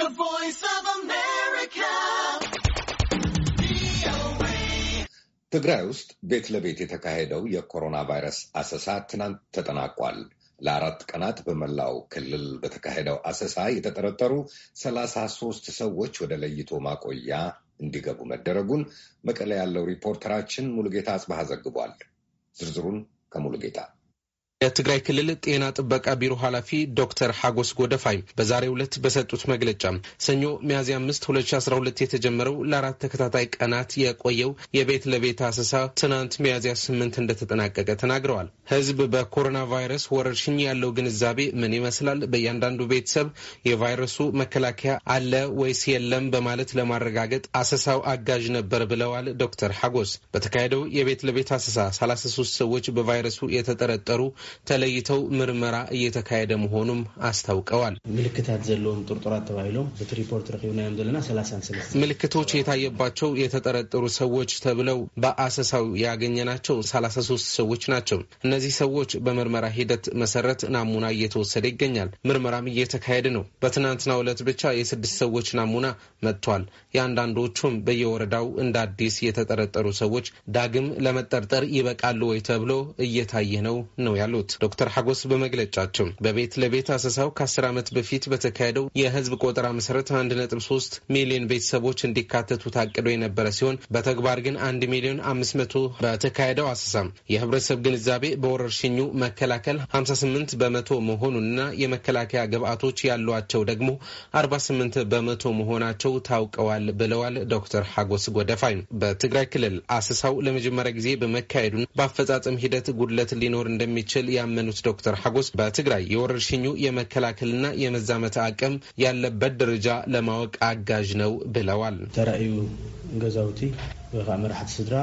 The Voice of America. ትግራይ ውስጥ ቤት ለቤት የተካሄደው የኮሮና ቫይረስ አሰሳ ትናንት ተጠናቋል። ለአራት ቀናት በመላው ክልል በተካሄደው አሰሳ የተጠረጠሩ ሰላሳ ሶስት ሰዎች ወደ ለይቶ ማቆያ እንዲገቡ መደረጉን መቀለ ያለው ሪፖርተራችን ሙሉጌታ አጽባሃ ዘግቧል። ዝርዝሩን ከሙሉጌታ የትግራይ ክልል ጤና ጥበቃ ቢሮ ኃላፊ ዶክተር ሐጎስ ጎደፋይ በዛሬው ዕለት በሰጡት መግለጫ ሰኞ ሚያዝያ አምስት ሁለት ሺ አስራ ሁለት የተጀመረው ለአራት ተከታታይ ቀናት የቆየው የቤት ለቤት አሰሳ ትናንት ሚያዝያ ስምንት እንደተጠናቀቀ ተናግረዋል። ህዝብ በኮሮና ቫይረስ ወረርሽኝ ያለው ግንዛቤ ምን ይመስላል? በእያንዳንዱ ቤተሰብ የቫይረሱ መከላከያ አለ ወይስ የለም? በማለት ለማረጋገጥ አሰሳው አጋዥ ነበር ብለዋል ዶክተር ሀጎስ። በተካሄደው የቤት ለቤት አሰሳ ሰላሳ ሶስት ሰዎች በቫይረሱ የተጠረጠሩ ተለይተው ምርመራ እየተካሄደ መሆኑም አስታውቀዋል። ምልክታት ዘለዎም ጥርጡራት ተባሂሎም እቲ ሪፖርት ረኪብናዮም ዘለና ምልክቶች የታየባቸው የተጠረጠሩ ሰዎች ተብለው በአሰሳው ያገኘናቸው 33 ሰዎች ናቸው። እነዚህ ሰዎች በምርመራ ሂደት መሰረት ናሙና እየተወሰደ ይገኛል። ምርመራም እየተካሄደ ነው። በትናንትናው ዕለት ብቻ የስድስት ሰዎች ናሙና መጥቷል። የአንዳንዶቹም በየወረዳው እንደ አዲስ የተጠረጠሩ ሰዎች ዳግም ለመጠርጠር ይበቃሉ ወይ ተብሎ እየታየ ነው ነው ያሉ የሚሉት ዶክተር ሐጎስ በመግለጫቸው በቤት ለቤት አሰሳው ከአስር ዓመት በፊት በተካሄደው የህዝብ ቆጠራ መሰረት አንድ ነጥብ ሶስት ሚሊዮን ቤተሰቦች እንዲካተቱ ታቅዶ የነበረ ሲሆን በተግባር ግን አንድ ሚሊዮን አምስት መቶ በተካሄደው አሰሳም የህብረተሰብ ግንዛቤ በወረርሽኙ መከላከል ሀምሳ ስምንት በመቶ መሆኑንና የመከላከያ ግብአቶች ያሏቸው ደግሞ አርባ ስምንት በመቶ መሆናቸው ታውቀዋል ብለዋል ዶክተር ሐጎስ ጎደፋይ። በትግራይ ክልል አሰሳው ለመጀመሪያ ጊዜ በመካሄዱን በአፈጻጸም ሂደት ጉድለት ሊኖር እንደሚችል እንደሚችል ያመኑት ዶክተር ሐጎስ በትግራይ የወረርሽኙ የመከላከልና የመዛመት አቅም ያለበት ደረጃ ለማወቅ አጋዥ ነው ብለዋል ተራእዩ ገዛውቲ ወይ ከዓ መራሕቲ ስድራ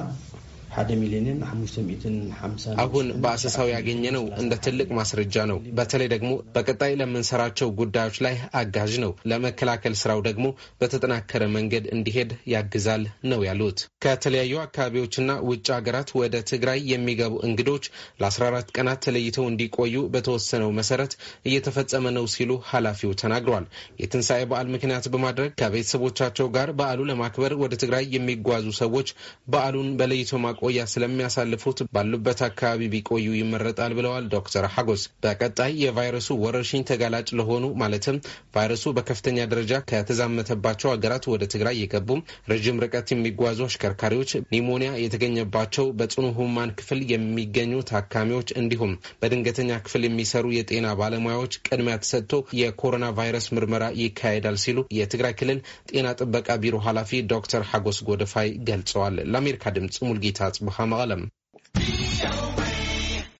አሁን በአሰሳው ያገኘነው እንደ ትልቅ ማስረጃ ነው። በተለይ ደግሞ በቀጣይ ለምንሰራቸው ጉዳዮች ላይ አጋዥ ነው። ለመከላከል ስራው ደግሞ በተጠናከረ መንገድ እንዲሄድ ያግዛል ነው ያሉት። ከተለያዩ አካባቢዎችና ውጭ ሀገራት ወደ ትግራይ የሚገቡ እንግዶች ለ14 ቀናት ተለይተው እንዲቆዩ በተወሰነው መሰረት እየተፈጸመ ነው ሲሉ ኃላፊው ተናግሯል። የትንሣኤ በዓል ምክንያት በማድረግ ከቤተሰቦቻቸው ጋር በዓሉ ለማክበር ወደ ትግራይ የሚጓዙ ሰዎች በዓሉን በለይቶ ማቆ ማቆያ ስለሚያሳልፉት ባሉበት አካባቢ ቢቆዩ ይመረጣል ብለዋል ዶክተር ሐጎስ። በቀጣይ የቫይረሱ ወረርሽኝ ተጋላጭ ለሆኑ ማለትም ቫይረሱ በከፍተኛ ደረጃ ከተዛመተባቸው ሀገራት ወደ ትግራይ የገቡ ረዥም ርቀት የሚጓዙ አሽከርካሪዎች፣ ኒሞኒያ የተገኘባቸው በጽኑ ህሙማን ክፍል የሚገኙ ታካሚዎች እንዲሁም በድንገተኛ ክፍል የሚሰሩ የጤና ባለሙያዎች ቅድሚያ ተሰጥቶ የኮሮና ቫይረስ ምርመራ ይካሄዳል ሲሉ የትግራይ ክልል ጤና ጥበቃ ቢሮ ኃላፊ ዶክተር ሐጎስ ጎደፋይ ገልጸዋል። ለአሜሪካ ድምጽ ሙልጌታ مخام غلم